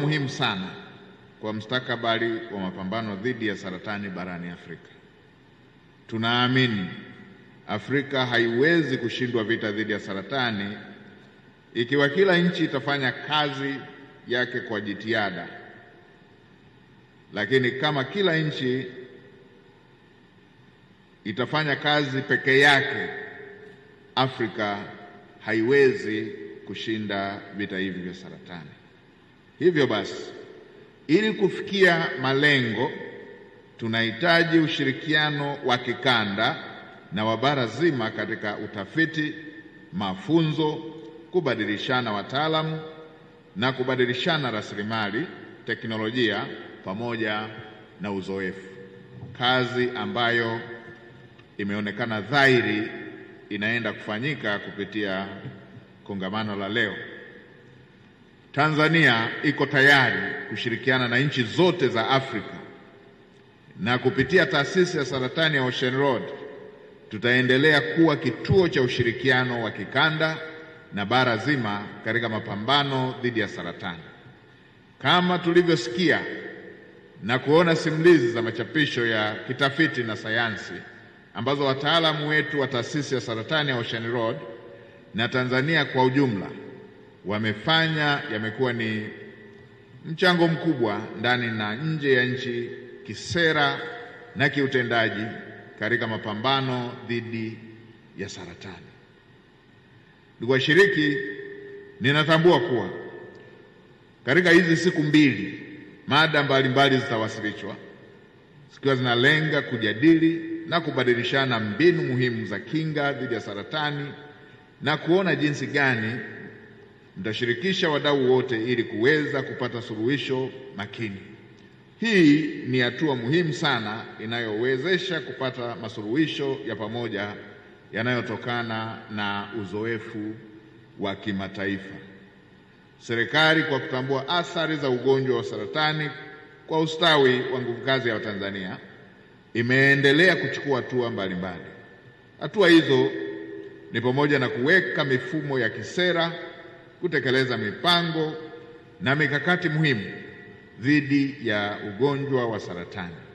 muhimu sana kwa mustakabali wa mapambano dhidi ya saratani barani Afrika. Tunaamini Afrika haiwezi kushindwa vita dhidi ya saratani ikiwa kila nchi itafanya kazi yake kwa jitihada, lakini kama kila nchi itafanya kazi peke yake, Afrika haiwezi kushinda vita hivi vya saratani. Hivyo basi, ili kufikia malengo tunahitaji ushirikiano wa kikanda na wa bara zima katika utafiti, mafunzo, kubadilishana wataalamu na kubadilishana rasilimali, teknolojia pamoja na uzoefu, kazi ambayo imeonekana dhahiri inaenda kufanyika kupitia kongamano la leo. Tanzania iko tayari kushirikiana na nchi zote za Afrika na kupitia taasisi ya saratani ya Ocean Road tutaendelea kuwa kituo cha ushirikiano wa kikanda na bara zima katika mapambano dhidi ya saratani. Kama tulivyosikia na kuona simulizi za machapisho ya kitafiti na sayansi ambazo wataalamu wetu wa taasisi ya saratani ya Ocean Road na Tanzania kwa ujumla wamefanya yamekuwa ni mchango mkubwa ndani na nje ya nchi kisera na kiutendaji katika mapambano dhidi ya saratani. Ndugu washiriki, ninatambua kuwa katika hizi siku mbili mada mbalimbali zitawasilishwa zikiwa zinalenga kujadili na kubadilishana mbinu muhimu za kinga dhidi ya saratani na kuona jinsi gani Mtashirikisha wadau wote ili kuweza kupata suluhisho makini. Hii ni hatua muhimu sana inayowezesha kupata masuluhisho ya pamoja yanayotokana na uzoefu wa kimataifa. Serikali kwa kutambua athari za ugonjwa wa saratani kwa ustawi wa nguvu kazi ya Watanzania imeendelea kuchukua hatua mbalimbali. Hatua hizo ni pamoja na kuweka mifumo ya kisera kutekeleza mipango na mikakati muhimu dhidi ya ugonjwa wa saratani.